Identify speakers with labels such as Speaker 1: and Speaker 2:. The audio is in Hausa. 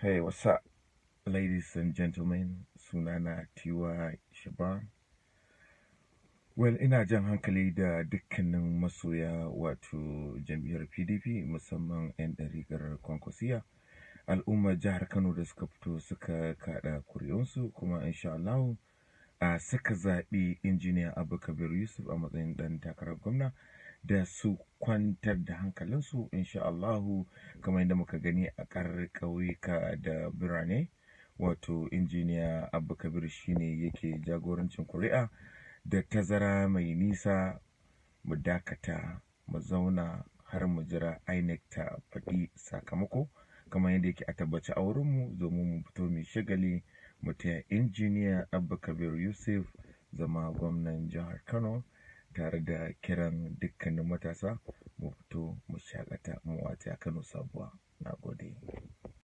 Speaker 1: Hey, what's up, ladies and gentlemen? Sunana Tiwa Shaban. Well, ina jan hankali da dukkanin masoya wato jam'iyyar PDP musamman 'yan ɗarigar kwankwasiya. Al'ummar jihar Kano da suka fito suka kaɗa kuriyunsu kuma insha Allah a suka zaɓi injiniya Abu Kabir Yusuf a matsayin ɗan takarar gwamna. da su kwantar da hankalinsu insha Allahu kamar yadda muka gani a ƙarar ƙauyuka da birane wato injiniya abu kabir shine yake jagorancin kuri'a da tazara mai nisa mu dakata mu zauna har mu jira inec ta faɗi sakamako kamar yadda yake a tabbaci a wurinmu domin mu fito mai shagali mu taya injiniya abu kabir yusuf zama gwamnan jihar kano tare da kiran dukkanin matasa mu fito mu shakata mu wata Kano sabuwa.